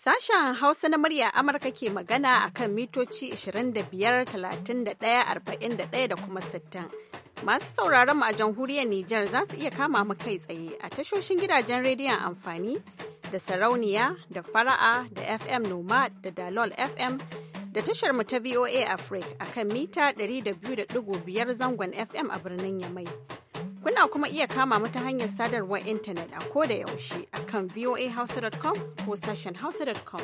Sashen Hausa na murya Amurka ke magana a kan mitoci 25,31,41 da kuma 60. Masu sauraron mu a jamhuriyar Nijar za su iya kama mu kai tsaye a tashoshin gidajen rediyon amfani da sarauniya da fara'a da FM Noma da Dalol FM da tashar mu ta VOA Africa a kan mita 200.5 zangon FM a birnin Yamai. Kuna kuma iya kama mu ta hanyar sadarwar intanet a ko da yaushe a kan voahouse.com ko sashen hausa.com.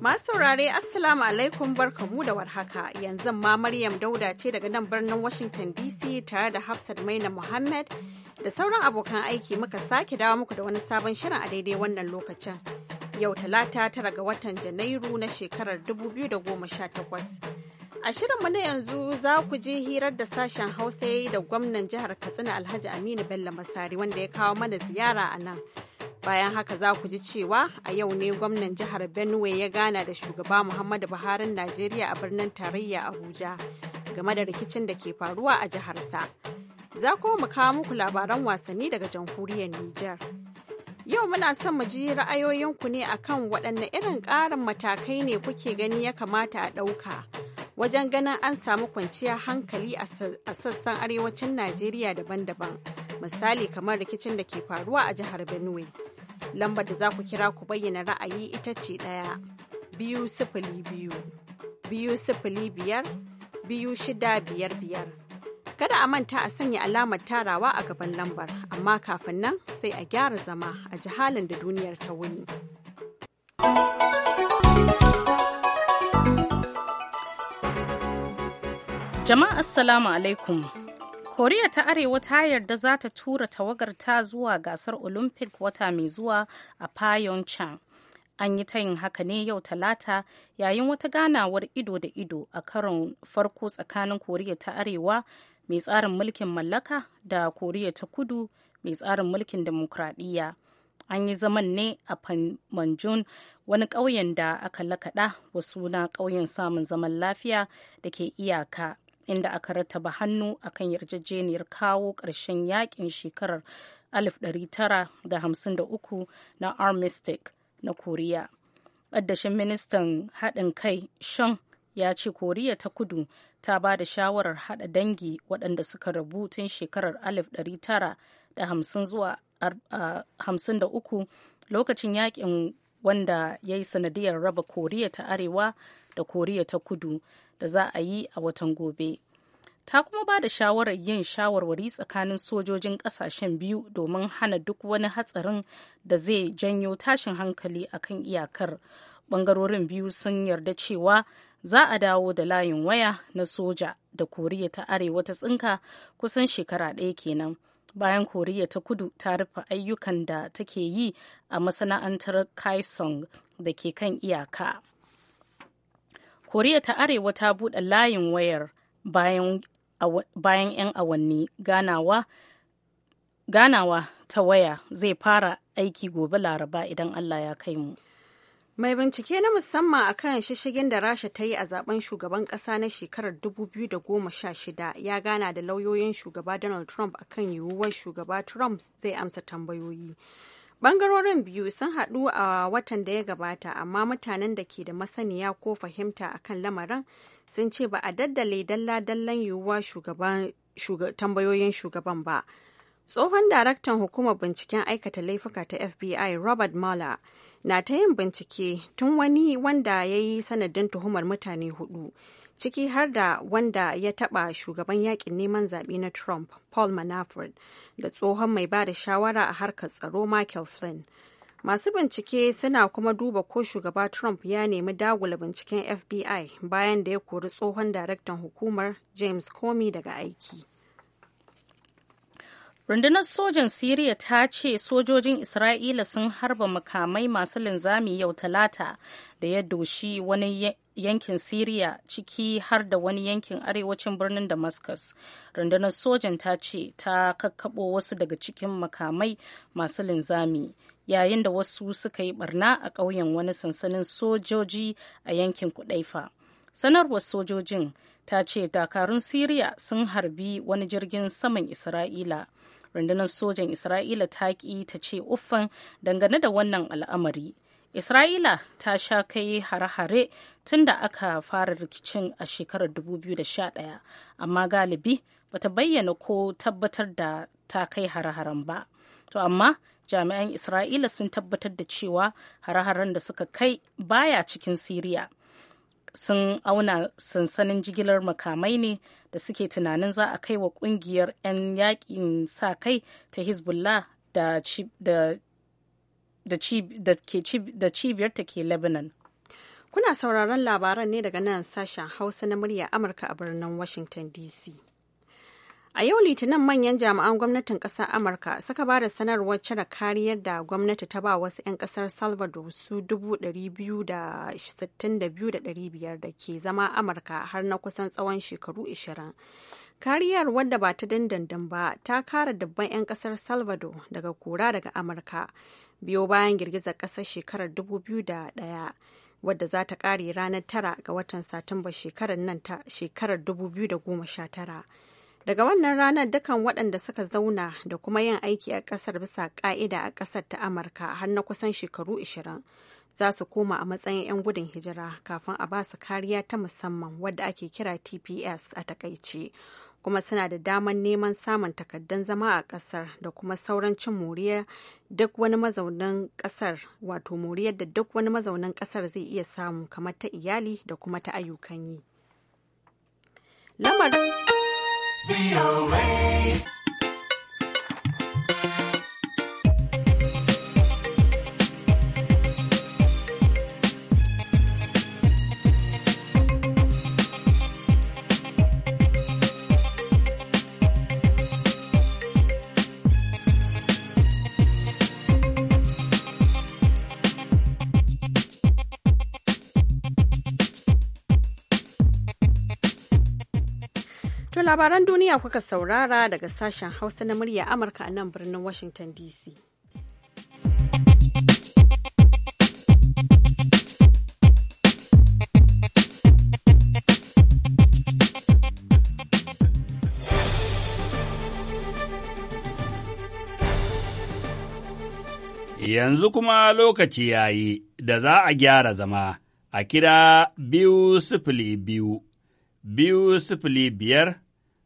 Masu saurare Assalamu alaikum barkamu da warhaka yanzu ma Maryam Dauda ce daga nan birnin Washington DC tare da Hafsat Maina Muhammad da sauran abokan aiki muka sake dawo muku da wani sabon shirin a daidai wannan lokacin. yau talata tara ga watan janairu na shekarar 2018 a shirinmu na yanzu za ku je hirar da sashen hausa ya yi da gwamnan jihar katsina alhaji aminu bello masari wanda ya kawo mana ziyara a nan bayan haka za ku ji cewa a yau ne gwamnan jihar benue ya gana da shugaba muhammadu Buharin najeriya a birnin tarayya abuja game da rikicin da ke faruwa a jiharsa za kuma mu kawo muku labaran wasanni daga jamhuriyar niger Yau muna son mu ji ra'ayoyinku ne akan waɗanne irin ƙarin matakai ne kuke gani ya kamata a ɗauka wajen ganin an samu kwanciyar hankali a sassan arewacin Najeriya daban-daban. Misali kamar rikicin da ke faruwa a jihar Benue. Lambar da za ku kira ku bayyana ra'ayi ita ce ɗaya biyu sifili biyu biyu sifili biyar biyu shida biyar biyar. Kada a manta a sanya alamar tarawa a gaban lambar, amma kafin nan sai a gyara zama a jihalin da duniyar ta wuni. Jama'a Assalamu alaikum. Koriya ta Arewa ta yarda za ta tura tawagar ta zuwa gasar Olympic wata mai zuwa a Pyeongchang. An yi tayin haka ne yau Talata yayin wata ganawar ido da ido a karon farko tsakanin Koriya ta Arewa mai tsarin mulkin mallaka da koriya ta kudu mai tsarin mulkin demokradiyya an yi zaman ne a panmunjom wani ƙauyen da aka lakaɗa wasu na ƙauyen samun zaman lafiya da ke iyaka inda aka rattaba hannu akan yarjejeniyar kawo ƙarshen yakin shekarar 1953 na armistic na koriya ƙaddashin ministan haɗin kai shan ya ce koriya ta kudu ta ba da shawarar hada dangi waɗanda suka rabu tun shekarar 1953 lokacin yakin wanda ya yi sanadiyar raba koriya ta arewa da koriya ta kudu da za a yi a watan gobe ta kuma ba da shawarar yin shawarwari tsakanin sojojin kasashen biyu domin hana duk wani hatsarin da zai janyo tashin hankali akan iyakar bangarorin biyu sun yarda cewa za a dawo da layin waya na soja da koriya ta arewa ta tsinka kusan shekara ɗaya kenan bayan koriya ta kudu ta rufe ayyukan da take yi a masana'antar kaisong da ke kan iyaka koriya ta arewa ta buɗe layin wayar bayan 'yan awanni ganawa ganawa ta waya zai fara aiki gobe laraba idan allah ya kai mu Mai bincike na musamman a akan shishigin da Rasha ta yi a zaben shugaban kasa na shekarar 2016 ya gana da lauyoyin shugaba Donald Trump akan yiwuwar shugaba Trump zai amsa tambayoyi. Bangarorin biyu sun haɗu a watan da ya gabata, amma mutanen da ke da masaniya ko fahimta a kan lamarin sun ce ba a daddale dalla-dallan yiwuwa tambayoyin shugaban ba. Tsohon daraktan hukumar binciken aikata laifuka ta FBI Robert Mueller na ta yin bincike tun wani wanda ya yi sanadin tuhumar mutane hudu, ciki har da wanda ya taba shugaban yakin neman zaɓe na Trump, Paul Manafort, da tsohon mai ba da shawara a harkar tsaro Michael Flynn. Masu bincike suna kuma duba ko shugaba Trump ya nemi dagula binciken FBI bayan da ya kori tsohon daraktan hukumar James Comey daga aiki. rundunar sojan siriya ta ce sojojin isra'ila sun harba makamai masu linzami yau talata da ya doshi wani yankin siriya ciki har da wani yankin arewacin birnin damascus rundunar sojan ta ce ta kakkabo wasu daga cikin makamai masu linzami yayin da wasu suka yi barna a ƙauyen wani sansanin sojoji a yankin kudaifa sanarwar sojojin ta ce dakarun siriya sun harbi wani jirgin saman isra'ila rundunar sojan isra'ila ta ƙi ta ce uffan dangane da wannan al'amari isra'ila ta sha kai hare-hare tun da aka fara rikicin a shekarar 2011 amma galibi bata bayyana ko tabbatar da ta kai hare-haren ba to amma jami'an isra'ila sun tabbatar da cewa hare-haren da suka kai baya cikin siriya sun auna sansanin jigilar makamai ne da suke tunanin za a kai wa kungiyar 'yan yakin sa kai ta hezbollah da cibiyar ta ke lebanon kuna sauraron labaran ne daga nan sashen hausa na murya amurka a birnin washington dc A yau Litinin manyan jami'an gwamnatin ƙasar Amurka suka ba da sanarwar cire kariyar da gwamnati ta ba wasu 'yan ƙasar Salvador su 262,500 da ke zama Amurka har na kusan tsawon shekaru 20. Kariyar wadda ba ta dandandan ba ta kara dabban 'yan ƙasar Salvador daga kura daga Amurka biyo bayan girgizar ƙasar shekarar 2001. wadda za ta kare ranar tara ga watan Satumba shekarar nan ta shekarar 2019. Daga wannan ranar dukan waɗanda suka zauna da kuma yin aiki a ƙasar bisa ƙa'ida a ƙasar ta Amurka har na kusan shekaru 20 za su koma a matsayin 'yan gudun hijira kafin a ba su kariya ta musamman wadda ake kira TPS a takaice. kuma suna da daman neman samun takaddan zama a ƙasar da kuma sauran cin moriya duk wani mazaunin ƙasar wato moriyar da duk wani mazaunin ƙasar zai iya samu kamar ta iyali da kuma ta ayyukan yi. Lamar VOA. labaran duniya kuka saurara daga sashen hausa na murya amurka a nan birnin washington dc Yanzu kuma lokaci ya yi da za a gyara zama a kira biyu sifili biyu, biyu sifili biyar,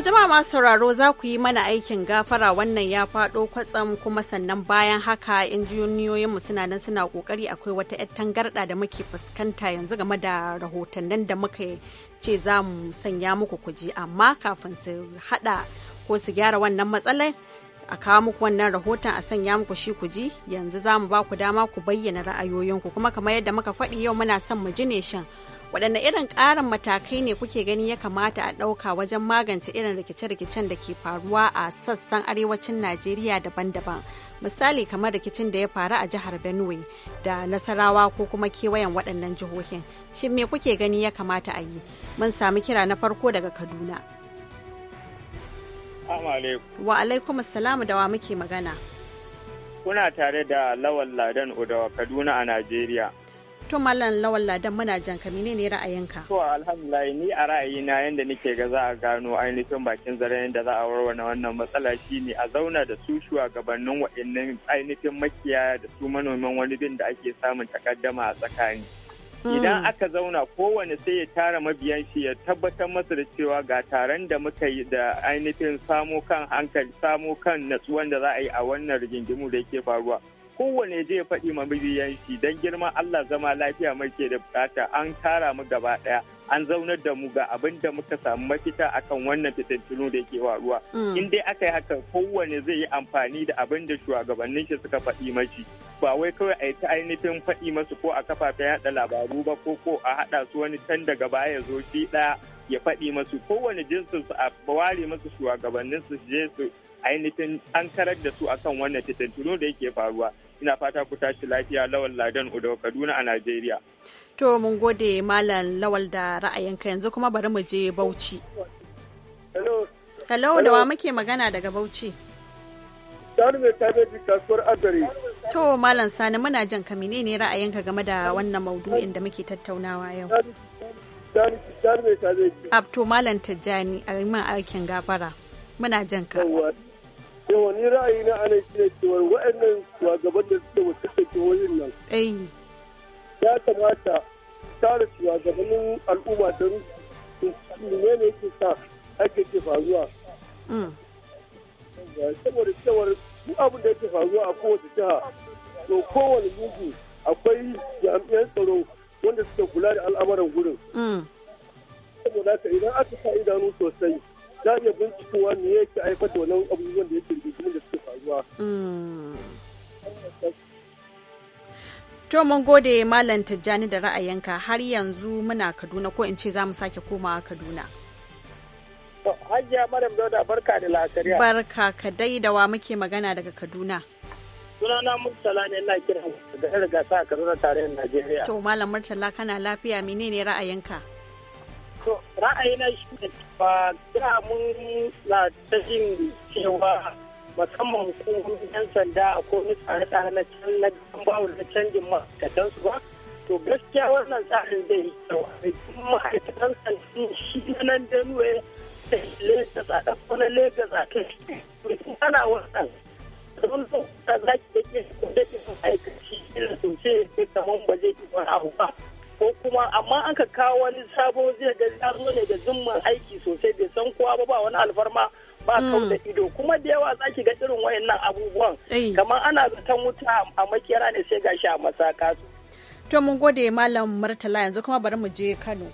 wato jama'a masu sauraro za ku yi mana aikin gafara wannan ya faɗo kwatsam kuma sannan bayan haka injiniyoyinmu suna nan suna ƙoƙari akwai wata 'yar tangarɗa da muke fuskanta yanzu game da rahotannin da muka ce za mu sanya muku kuji amma kafin su haɗa ko su gyara wannan matsalar a kawo muku wannan rahoton a sanya muku shi ku ji yanzu za mu ba ku dama ku bayyana ra'ayoyinku kuma kamar yadda muka faɗi yau muna son mu ji ne shin waɗanne irin ƙarin matakai ne kuke gani ya kamata a ɗauka wajen magance irin rikice-rikicen da ke faruwa a sassan arewacin najeriya daban-daban misali kamar rikicin da ya faru a jihar benue da nasarawa ko kuma kewayen waɗannan jihohin shin me kuke gani ya kamata a yi mun sami kira na farko daga kaduna wa alaikum assalamu da wa muke magana kuna tare da lawan ladan odawa kaduna a najeriya to mallan lawan ladan muna jan ka mene ne ra'ayinka to alhamdulillah ni a ra'ayina yanda nake ga za a gano ainihin bakin zare da za a warware wannan matsala ne a zauna da su shugabannin waɗannan ainihin makiyaya da su manoman wani bin da ake samun takaddama a tsakani hmm. idan aka zauna kowane sai ya tara mabiyan shi ya tabbatar masa da cewa ga taron da muka yi da ainihin samo kan hankali samo kan natsuwan da za a yi a wannan rigingimu da yake faruwa kowane je ya faɗi ma mabiyan shi don girma Allah zama lafiya muke da bukata an tara mu gaba ɗaya an zaunar da mu ga abin da muka samu mafita akan wannan fitintunu da yake waruwa mm. in dai aka yi haka kowane zai yi amfani da abin da shugabannin shi suka faɗi mashi ba wai kawai a yi ta ainihin faɗi masu ko a kafafen yada labaru ba ko ko a haɗa su wani can daga baya zo shi ɗaya ya faɗi masu kowane jinsin su a ware masu shugabannin su je su ainihin an karar da su akan wannan fitintunu da yake faruwa ina fata ku tashi lafiya lawal ladan udo kaduna a najeriya to mun gode malam lawal da ra'ayinka yanzu kuma bari mu je bauchi hello hello da wa muke magana daga bauchi Sani mai kasuwar azare. To Malam Sani muna jan ka menene ra'ayinka game da wannan maudu'in da muke tattaunawa yau? Sani mai Malam Tijjani a aikin gafara. Muna jan ka. yawa ni ra'ayi na ana shi ne cewa waɗannan shugaban da suke wakiltar jihohin nan ya kamata tara shugabannin al'umma don ne ne ke sa ake ke faruwa mm. saboda cewar duk abin da yake faruwa a kowace jiha to kowane mugu akwai jami'an tsaro wanda suka kula da al'amuran gurin mm. saboda haka idan aka sa idanu sosai za iya bincikowa me yake aikata wannan abubuwan da yake da suke faruwa. To mun gode Malam Tijjani da ra'ayinka har yanzu muna Kaduna ko in ce za mu sake komawa Kaduna. Hajiya Maryam Dauda barka da lasariya. Barka ka dai da wa muke magana daga Kaduna. Sunana Murtala ne na kira da gasa a Kaduna tarayyar Najeriya. To Malam Murtala kana lafiya menene ra'ayinka? To ra'ayina shi ne ba da mun na ta jin cewa musamman hukumomin yan sanda a ko ni tsare-tsare na can na bawo na canjin ma'aikatan su ba to gaskiya wannan tsarin zai yi kyau a rikin ma'aikatan sanda shi nan Benue da Lagos a ɗauko na Lagos a kai rikin ana wannan sun zo ta zaki da ke da ke ma'aikaci irin sun ce kamar ba zai yi wani abu ba. ko kuma amma an ka kawo wani sabon zai ga ya zo ne da zumman aiki sosai bai san kowa ba ba wani alfarma ba mm. kau da ido kuma da yawa za ki ga irin wayannan abubuwan kamar ana zaton wuta a makera ne sai gashi a masaka su to mun gode malam murtala yanzu kuma bari mu je kano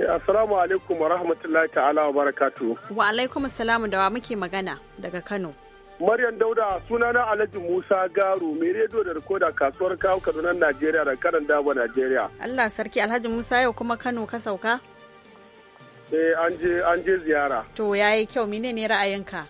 eh, assalamu alaikum wa rahmatullahi ta'ala wa barakatu wa alaikum assalamu da wa muke magana daga kano Maryam Dauda suna na Alhaji Musa Garu mai rediyo da rikoda kasuwar kawo Kaduna Najeriya da karan daba Najeriya. Allah sarki Alhaji Musa yau kuma Kano ka sauka? Eh an je ziyara. To yayi kyau menene ra'ayinka?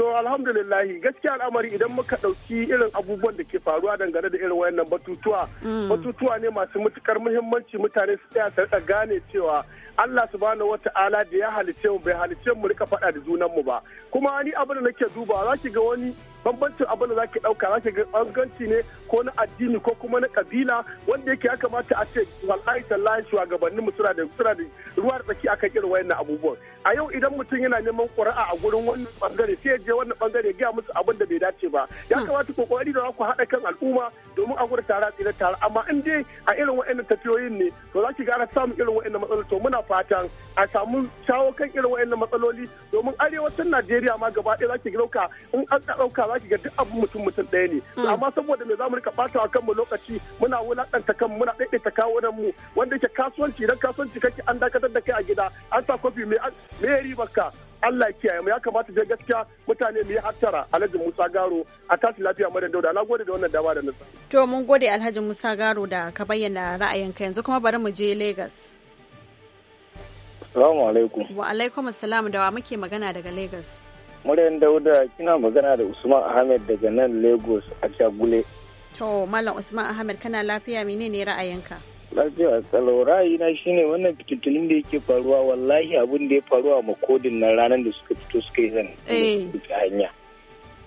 To alhamdulillahi gaskiya al'amari idan muka ɗauki irin abubuwan da ke faruwa dangane da irin wayannan batutuwa. Mm. Batutuwa ne masu matukar muhimmanci mutane su tsaya su gane cewa Allah subhanahu wata'ala da ya halice mu bai halice mu rika faɗa da junan mu ba. Kuma ni abin da nake dubawa zaki ga wani bambancin abin da zaki dauka zaki ga banganci ne ko na addini ko kuma na kabila wanda yake ya kamata a ce wallahi tallahi shugabannin mu suna da suna da ruwa da tsaki akan irin wayannan abubuwan a yau idan mutum yana neman ƙuri'a a gurin wannan bangare sai ya je wannan bangare gaya musu abin da bai dace ba ya hmm. kamata ku kokari da ku haɗa kan al'umma domin a gurin tara tsira tara amma in dai a irin wayannan tafiyoyin ne to zaki ga samun irin wayannan matsaloli to muna fatan a samu shawo kan irin wayannan matsaloli domin arewacin Najeriya ma gaba ɗaya zaki dauka in an dauka za ki ga duk abin mutum mutum ɗaya ne hmm. amma saboda me za mu rika wa kanmu lokaci muna wulaƙanta kanmu muna ɗaiɗaita kawunan mu wanda yake kasuwanci idan kasuwanci kake an dakatar da kai a gida an sa kofi me ribar ka Allah kiyaye mu ya kamata je gaskiya mutane mu yi hattara Alhaji Musa Garo a tashi lafiya da Dauda na gode da wannan dama da nasa. To mun gode Alhaji Musa Garo da ka bayyana ra'ayinka yanzu kuma bari mu je Lagos. Assalamu alaikum. Wa alaikum assalam da wa muke magana daga Lagos. muryar Dauda kina magana da Usman Ahmed daga nan Lagos a Jagule. To Malam Usman Ahmed kana lafiya menene ra'ayinka? Lafiya tsalo ra'ayina shine wannan fitilin da yake faruwa wallahi abin da ya faruwa a makodin na ranar da suka fito suka yi zan eh. hanya.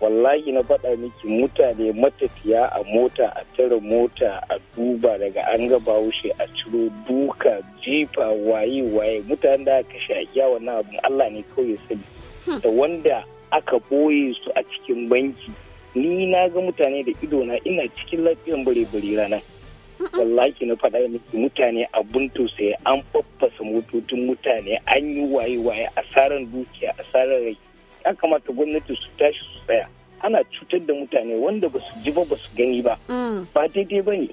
Wallahi na faɗa miki mutane matafiya a mota a tara mota a duba daga an ga bawushe a ciro duka jifa waye waye mutane da aka shaƙiya wannan abin Allah ne kawai ya sani. da wanda aka boye su a cikin banki ni na ga mutane da ido na ina cikin lafiyan bare-bare rana wallaki na faɗa miki mutane abun tausayi an faffasa motocin mutane an yi waye-waye asarar dukiya asarar rai ya kamata gwamnati su tashi su tsaya ana cutar da mutane wanda ba su ji ba ba su gani ba mm. ba daidai ba ne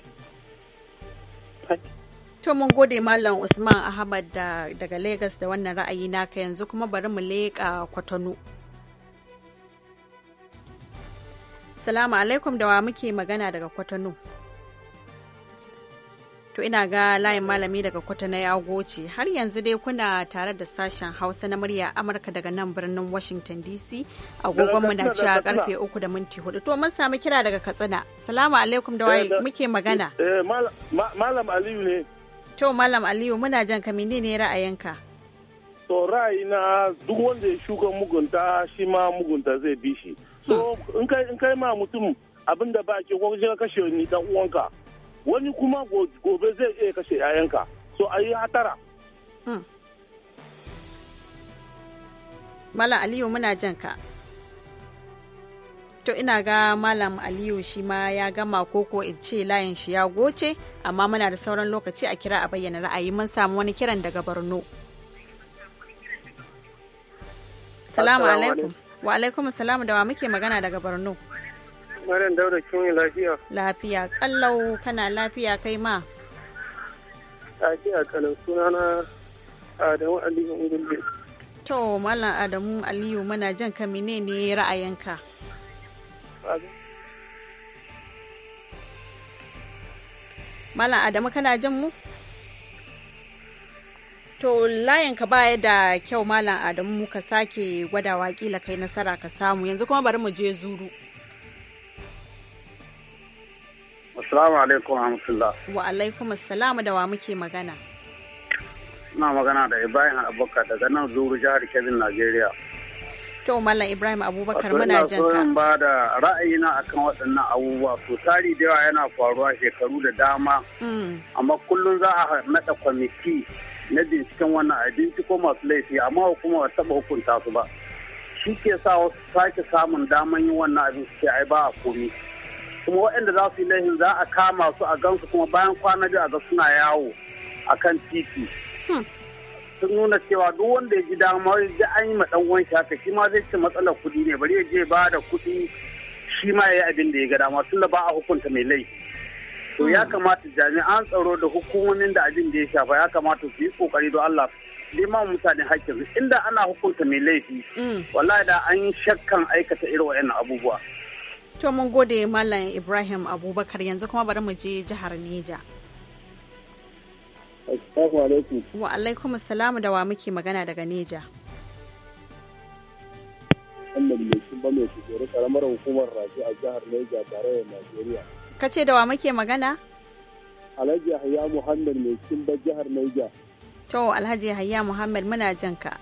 To mun gode Malam Usman Ahmad daga Lagos da wannan ra'ayi naka yanzu kuma bari mu leƙa kwatano. Salamu alaikum da wa muke magana daga kwatano. To ina ga layin malami daga kwatano ya goce har yanzu dai kuna tare da sashen Hausa na murya Amurka daga nan birnin Washington DC agogonmu na cewa karfe uku da minti hudu. To mun samu kira daga Katsina. Salamu alaikum da wa eh, muke magana. Eh, Malam Aliyu ne. To Malam Aliyu muna jan ka menene ra'ayinka? To na duk wanda ya shuka mugunta shi ma mugunta zai bi shi. So hmm. in kai ma mutum abinda da ba ke ko ka kashe ni dan uwanka. Wani kuma gobe zai iya kashe 'ya'yanka. So yi hatara. Hmm. Malam Aliyu muna jan ka. to ina ga malam aliyu shi ma ya gama koko in ce layin shi ya goce amma muna da sauran lokaci a kira a bayyana ra'ayi mun samu wani kiran daga borno salamu alaikum wa alaikum salamu da wa muke magana daga borno Maryam daura kin yi lafiya. Lafiya kallau kana lafiya kai ma. Lafiya suna na Adamu Aliyu Ngulbe. To Malam Adamu Aliyu muna jan ka ne ra'ayinka? Malam Adamu kana jin mu? To layin ka baya da kyau Malam Adamu ka sake gwadawa kila kai nasara ka samu yanzu kuma bari mu je zuru. Assalamu alaikum Hamdulillah. Wa alaikum assalam da wa muke magana. Ina magana da Ibrahim Abubakar daga nan zuru jihar Kebbi Najeriya. To Mallam Ibrahim Abubakar muna jin ka. ba da ra'ayina akan waɗannan abubuwa to tari da yawa yana faruwa shekaru da dama. Mm. Amma kullum za a naɗa kwamiti na binciken wannan abinci ko masu laifi amma kuma ba taɓa hukunta su ba. Shi ke sa wasu sake samun daman yin wannan abin su ai ba a komi. Kuma waɗanda za su yi laifin za a kama su a gansu kuma bayan kwana biyu a ga suna yawo akan titi. Hmm. sun nuna cewa duk wanda ya ji dama ya an yi ma dan uwan shi ma zai ci matsalar kuɗi ne bari ya je ba da kuɗi shi ma ya yi abin da ya ga dama da ba a hukunta mai laifi to ya hmm. kamata jami'an tsaro da hukumomin da abin da ya shafa ya kamata su yi kokari don Allah neman mutane hakkin inda ana hukunta mai laifi hmm. wallahi da an shakkan aikata irin wa'annan abubuwa to mun gode mallam Ibrahim Abubakar yanzu kuma bari mu je jihar Neja. Assalamu alaikum. Wa alaikum assalamu da wa muke magana daga Neja. Muhammad mai shi ba mai shugori karamar hukumar rafi a jihar Neja da Najeriya. Ka ce da wa muke magana? Alhaji Yahaya Muhammad mai shi ba jihar Neja. To Alhaji Yahaya Muhammad muna jan ka.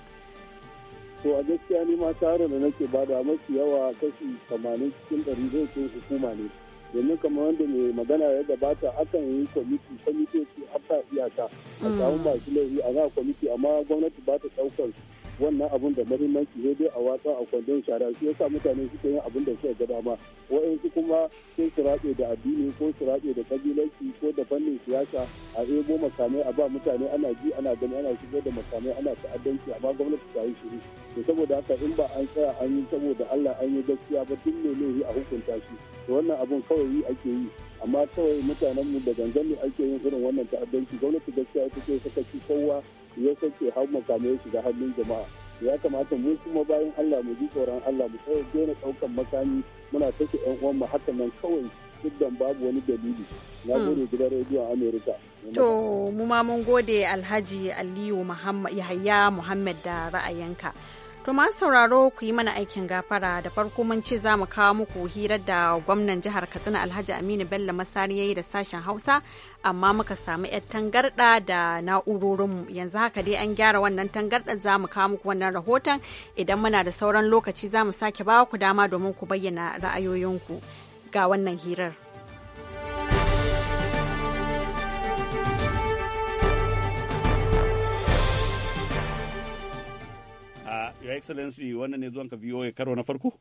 To a gaskiya ni ma tare da nake bada mafi yawa kashi 80 cikin 100 zai hukuma ne. domin kamar wanda mai magana ya gabata akan yi kwamiti kwamiti su aka iyaka a samun mm. masu laifi a za kwamiti amma gwamnati ba ta ɗaukar su wannan abun da mahimmanci ne dai a watsa a kwandon shara shi yasa mutane suke yin abun da suka ga dama wa'yansu kuma sai su da addini ko su da kabilanci ko da fannin siyasa a ebo makamai a ba mutane ana ji ana gani ana shigo da makamai ana ta'addanci amma gwamnati ta yi shiri to saboda haka in ba an tsaya an yi saboda Allah an yi gaskiya ba tun ne yi a hukunta shi to wannan abun kawai yi ake yi amma kawai mutanenmu da gangan ne ake yin irin wannan ta'addanci gwamnati gaskiya ita ce sakaci kowa ya sake hau makamai shiga hannun jama'a ya kamata mu kuma bayan Allah mu ji tsoron Allah mu tsaya daina ɗaukan makami muna yan uwan uwanmu haka nan kawai da babu wani dalili na hmm. gode gidan rediyon Amerika. To mu ma mun gode Alhaji Aliyu Yahaya Muhammad da ra'ayinka. To masu sauraro ku yi mana aikin gafara da farko mun ce za mu kawo muku hirar da gwamnan jihar Katsina Alhaji Aminu Bello Masari yayi da sashen Hausa amma muka samu yar tangarda da na'urorinmu yanzu haka dai an gyara wannan tangarda za mu kawo muku wannan rahoton idan muna da sauran lokaci za mu sake ba ku dama domin ku bayyana ra'ayoyinku ga wannan hirar. Your Excellency wannan ne zuwanka VOA karo na farko?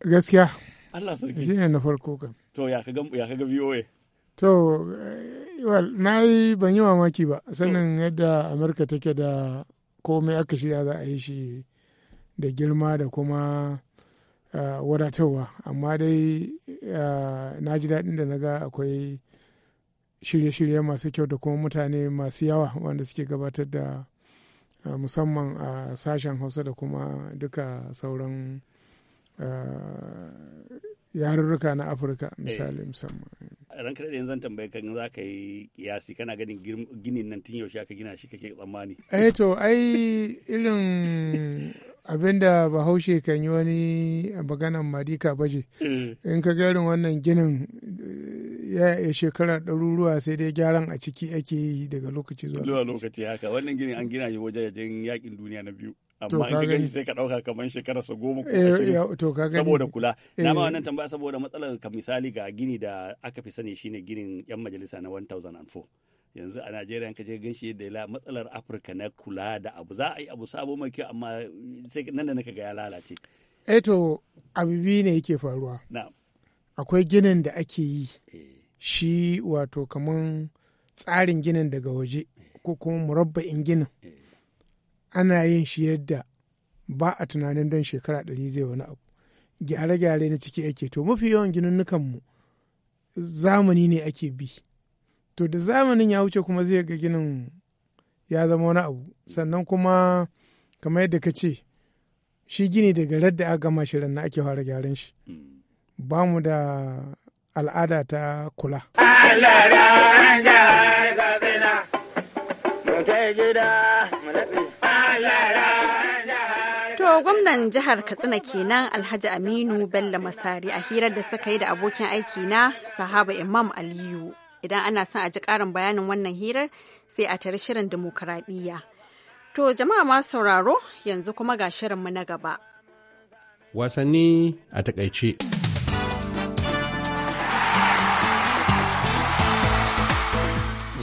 Gaskiya. Allah sarki. Shi ne na farko kan. To ya kaga VOA? To eh, well, na yi ban yi mamaki ba sanin yadda Amurka take da komai aka shirya za a yi shi da girma da kuma uh, wadatarwa amma dai uh, na ji daɗin da na ga akwai shirye-shirye masu kyau da kuma mutane masu yawa wanda suke gabatar da musamman a sashen hausa da kuma duka sauran yarurruka na afirka eh. misali musamman ran kaɗaɗe zan tambaye kan za ka yi kiyasi kana ganin ginin nan tun yaushe aka gina shi kake tsammani eh to ai irin da bahaushe kan yi wani maganan madika baje eh. in ka garin wannan ginin ya iya shekara ɗaruruwa sai dai gyaran a ciki ake yi daga lokaci zuwa lokaci. lokaci haka wannan gini an gina shi wajajen yakin duniya na biyu. Amma in gani sai ka ɗauka kamar shekara sa goma ko eh, ashirin saboda kula. Na ma eh. wannan tambaya saboda matsalar ka misali ga gini da aka fi sani shine ginin 'yan majalisa na 1004. yanzu a Najeriya ka je ganshi da matsalar Afirka na kula da abu za a yi abu sabo mai kyau amma sai nan da naka ga ya lalace. Eto eh to biyu ne yake faruwa. Akwai ginin da ake yi. shi wato kaman tsarin ginin daga waje ko kuma murabba'in ginin ana yin shi yadda ba a tunanin don shekara ɗari zai wani abu gyare-gyare na ciki ake to mafi yawan ginunnukanmu zamani ne ake bi to da zamanin ya wuce kuma zai ga ginin ya zama wani abu sannan kuma kamar yadda ka ce shi gini daga radda aka gama shi na ake fara gyaran shi ba mu da al'ada ta kula. To gwamnan jihar Katsina kenan Alhaji Aminu Bello Masari a hirar da suka yi da abokin aiki na Sahaba Imam Aliyu. Idan ana son a ji ƙarin bayanin wannan hirar sai a tare shirin dimokuraɗiyya. To jama'a ma sauraro yanzu kuma ga shirin mu na gaba. Wasanni a takaice.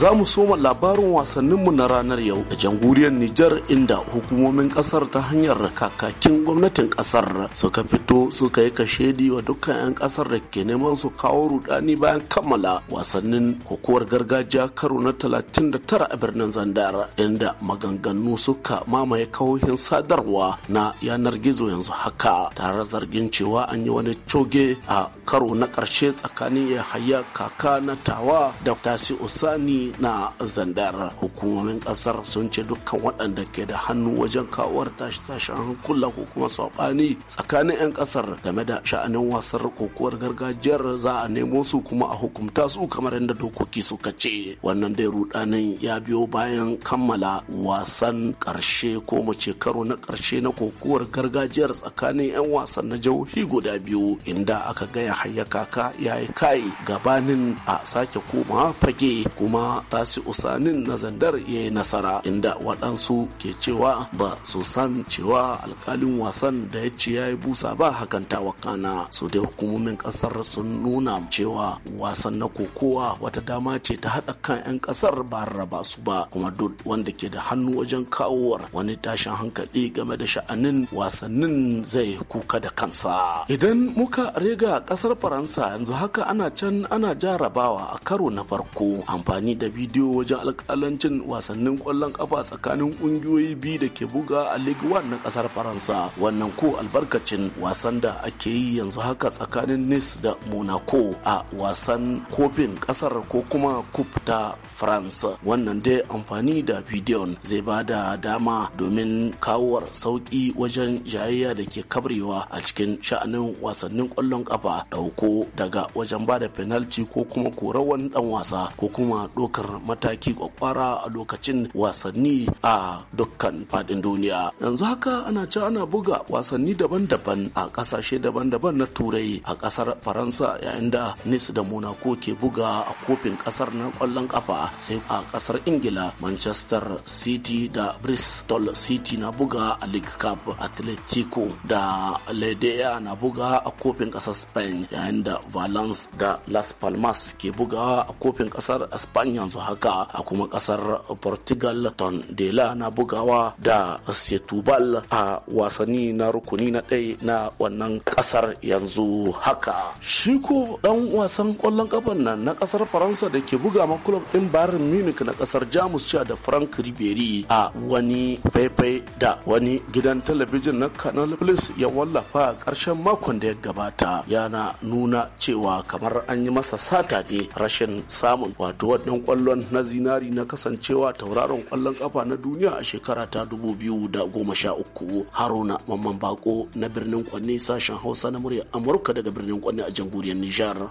za mu soma labarin wasanninmu na ranar yau A jamhuriyar Nijar inda hukumomin kasar ta hanyar kakakin gwamnatin kasar suka fito suka yi kashedi wa dukkan 'yan kasar da ke neman su kawo rudani bayan kammala wasannin kokowar gargajiya karo na 39 a birnin Zandar inda maganganu suka mamaye kawohin sadarwa na yanar gizo yanzu haka tare zargin cewa an yi wani coge a karo na ƙarshe tsakanin ya haya kaka na tawa da tasi usani na zandar hukumomin kasar sun ce dukkan waɗanda ke da hannu wajen kawar tashi-tashin hankula ko kuma saɓani tsakanin 'yan kasar game da sha'anin wasar kokowar gargajiyar za a nemo su kuma a hukumta su kamar yadda dokoki suka ce wannan dai rudanin ya biyo bayan kammala wasan karshe ko mu ce karo na ƙarshe na kokowar gargajiyar tsakanin 'yan wasan na jihohi guda biyu inda aka gaya hayyaka ka yayi kai gabanin a sake koma fage kuma ta tasi usanin na zandar ya yi nasara inda waɗansu ke cewa ba su san cewa alkalin wasan da ya ce ya yi busa ba hakan ta wakana su dai hukumomin ƙasar sun nuna cewa wasan na kokowa wata dama ce ta haɗa kan 'yan ƙasar ba raba su ba kuma duk wanda ke da hannu wajen kawowar wani tashin hankali game da sha'anin wasannin zai kuka da kansa idan muka rega ƙasar faransa yanzu haka ana can ana jarabawa a karo na farko amfani da bidiyo wajen alkalancin wasannin kwallon kafa tsakanin kungiyoyi biyu da ke buga a league 1 na kasar Faransa. Wannan ko albarkacin wasan da ake yi yanzu haka tsakanin Nice da Monaco a wasan kofin kasar ko kuma Coupe ta France. Wannan dai amfani da bidiyon zai ba da dama domin kawowar sauki wajen jayayya da ke kabrewa a cikin sha'anin wasannin kwallon kafa dauko daga wajen ba da penalty ko kuma korawan dan wasa ko kuma ɗaukar mataki kwakwara a lokacin wasanni a dukkan faɗin duniya yanzu haka ana ci ana buga wasanni daban-daban a ƙasashe daban-daban na turai a ƙasar faransa yayin da nis da monaco ke buga a kofin ƙasar na ƙwallon ƙafa sai a ƙasar ingila manchester city da bristol city na buga a league cup atletico da ledea na buga a kofin ƙasar spain yayin da valence da las palmas ke buga a kofin ƙasar espanya yanzu haka a kuma kasar portugal tondela na bugawa da setubal a wasanni na rukuni na ɗai na wannan kasar yanzu haka shi ko dan wasan kwallon kafan nan na kasar faransa da ke buga ma club din bayern munich na kasar jamus cewa da frank ribery a wani faifai da wani gidan talabijin na canal plus ya wallafa karshen makon da ya gabata yana nuna cewa kamar an yi masa sata ne rashin samun wato wannan kwallon na zinari na kasancewa tauraron kwallon kafa na duniya a shekara ta 2013 haruna mamman bako na birnin kwanne sashen hausa na murya amurka daga birnin kwanne a jamhuriyar nijar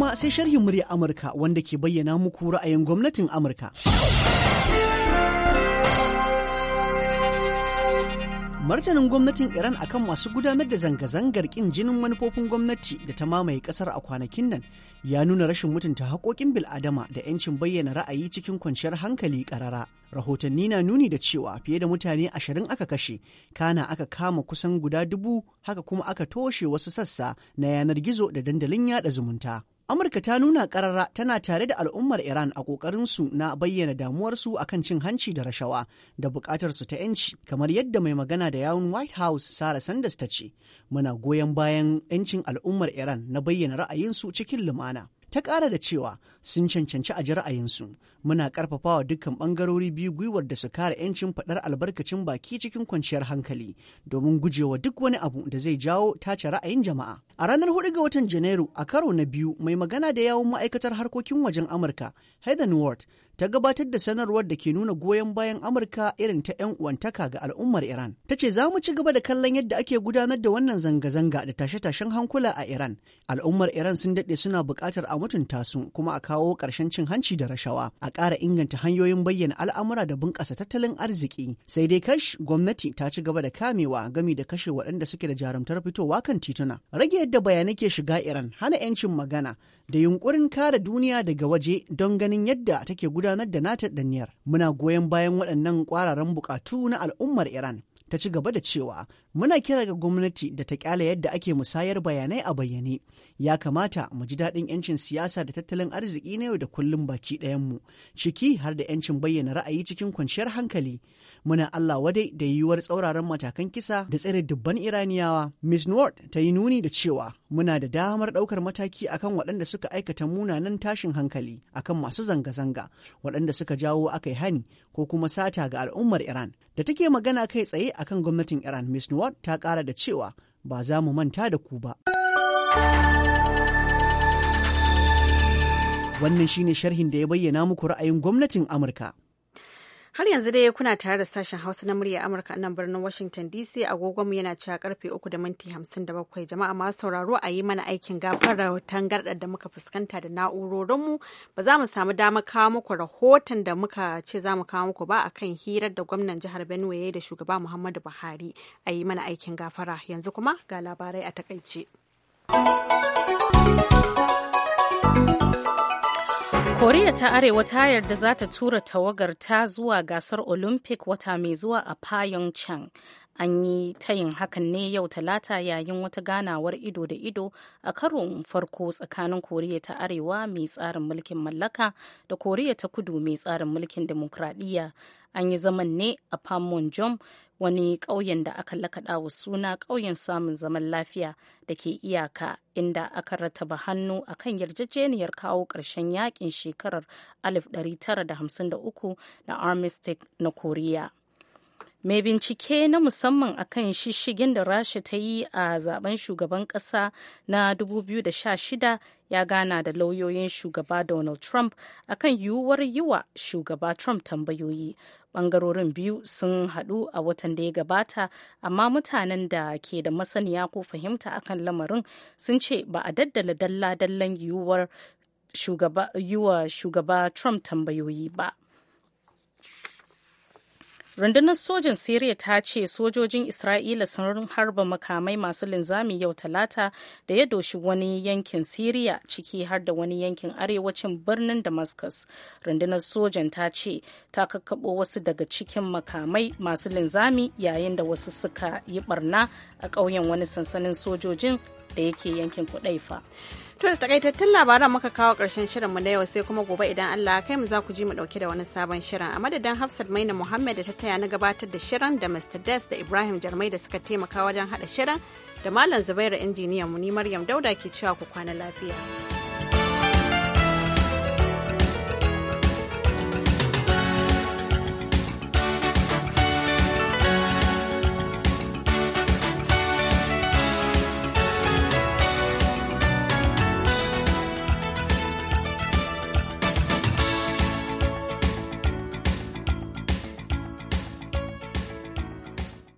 kuma sai sharhin murya Amurka wanda ke bayyana muku ra'ayin gwamnatin Amurka. Martanin gwamnatin Iran akan masu gudanar da zanga-zangar kin jinin manufofin gwamnati da ta mamaye kasar a kwanakin nan ya nuna rashin mutunta haƙoƙin bil'adama da 'yancin bayyana ra'ayi cikin kwanciyar hankali ƙarara. Rahotanni na nuni da cewa fiye da mutane ashirin aka kashe, kana aka kama kusan guda dubu haka kuma aka toshe wasu sassa na yanar gizo da dandalin yada zumunta. Amurka ta nuna ƙarara tana tare da al'ummar Iran a su na bayyana damuwarsu akan cin hanci da rashawa da buƙatarsu ta 'yanci, kamar yadda mai magana da yawun White House Sarah Sanders ta ce, muna goyon bayan 'yancin al'ummar Iran na bayyana ra'ayinsu cikin lumana. Ta ƙara da cewa sun cancanci a ji ra'ayinsu muna karfafa wa dukkan bangarori biyu gwiwar da su kare 'yancin faɗar albarkacin baki cikin kwanciyar hankali domin gujewa duk wani abu da zai jawo tace ra'ayin jama'a a ranar 4 ga watan janairu a karo na biyu mai magana da yawun ma'aikatar harkokin wajen amurka heather ward ta gabatar da sanarwar da ke nuna goyon bayan amurka irin ta 'yan uwantaka ga al'ummar iran ta ce za mu ci gaba da kallon yadda ake gudanar da wannan zanga-zanga da tashe-tashen hankula a iran al'ummar iran sun daɗe suna bukatar a mutunta su kuma a kawo ƙarshen cin hanci da rashawa a a ƙara inganta hanyoyin bayyana al'amura da bunƙasa tattalin arziki sai dai kash gwamnati ta ci gaba da kamewa gami da kashe waɗanda suke da jarumtar fitowa kan tituna rage yadda bayanai ke shiga iran hana 'yancin magana da yunkurin kare duniya daga waje don ganin yadda take gudanar da nata danniyar muna goyon bayan waɗannan ƙwararan buƙatu na al'ummar iran ta ci gaba da cewa Muna kira ga gwamnati da ta kyale yadda ake musayar bayanai a bayyane. Ya kamata mu ji daɗin 'yancin siyasa da tattalin arziki na yau da kullum baki mu ciki har da 'yancin bayyana ra'ayi cikin kwanciyar hankali. Muna Allah wadai da yiwuwar tsauraran matakan kisa da tsere dubban Iraniyawa. Ms. Nord ta yi nuni da cewa muna da damar ɗaukar mataki akan waɗanda suka aikata munanan tashin hankali akan masu zanga-zanga waɗanda suka jawo aka yi hani ko kuma sata ga al'ummar Iran. Da take magana kai tsaye akan gwamnatin Iran, Ms. sanarwar ta ƙara da cewa ba za mu manta da ku ba. Wannan shine sharhin da ya bayyana muku ra'ayin gwamnatin Amurka. Har yanzu dai kuna tare da sashen Hausa na murya Amurka nan birnin Washington DC agogonmu yana cewa karfe uku da minti hamsin da bakwai jama'a masu sauraro a yi mana aikin gafara tangardar da muka fuskanta da na'urorinmu ba za mu samu dama kawo muku rahoton da muka ce za mu kawo muku ba akan hirar da gwamnan jihar Benue ya da shugaba Muhammadu Buhari a yi mana aikin gafara yanzu kuma ga labarai a takaice. koriya ta arewa ta yarda za ta tura tawagar ta zuwa gasar olympic wata mai zuwa a chang. an yi tayin hakan ne yau talata yayin wata ganawar ido da ido a karon farko tsakanin koriya ta arewa mai tsarin mulkin mallaka da koriya ta kudu mai tsarin mulkin demokradiyya an yi zaman ne a john wani ƙauyen da aka lakaɗa wa suna ƙauyen samun zaman lafiya da ke iyaka inda aka rataba hannu a kan yarjejeniyar kawo ƙarshen yakin shekarar 1953 na armistice na koriya. mai bincike na musamman akan shishigin da rasha ta yi a zaben shugaban kasa na 2016 ya gana da lauyoyin shugaba donald trump akan yiwuwar yiwa shugaba trump tambayoyi bangarorin biyu sun hadu a watan da ya gabata amma mutanen da ke da masaniya ko fahimta akan lamarin sun ce ba a daddala dalla-dallan yiwuwar shugaba trump tambayoyi ba rundunar sojan siriya ta ce sojojin isra'ila sun harba makamai masu linzami yau talata da ya doshi wani yankin siriya ciki har da wani yankin arewacin birnin damascus rundunar sojan ta ce ta kakkaɓo wasu daga cikin makamai masu linzami yayin da wasu suka yi barna a ƙauyen wani sansanin sojojin da yake yankin fa to da takaitattun labaran muka kawo karshen shirinmu na yau sai kuma gobe idan allah kai mu za ku ji mu dauke da wani sabon shirin a madadin hafsat maina muhammad da ta taya na gabatar da shirin da mr des da ibrahim jarmai da suka taimaka wajen hada shirin da malam zubairu injiniyan mu ni maryam dauda ke cewa ku kwana lafiya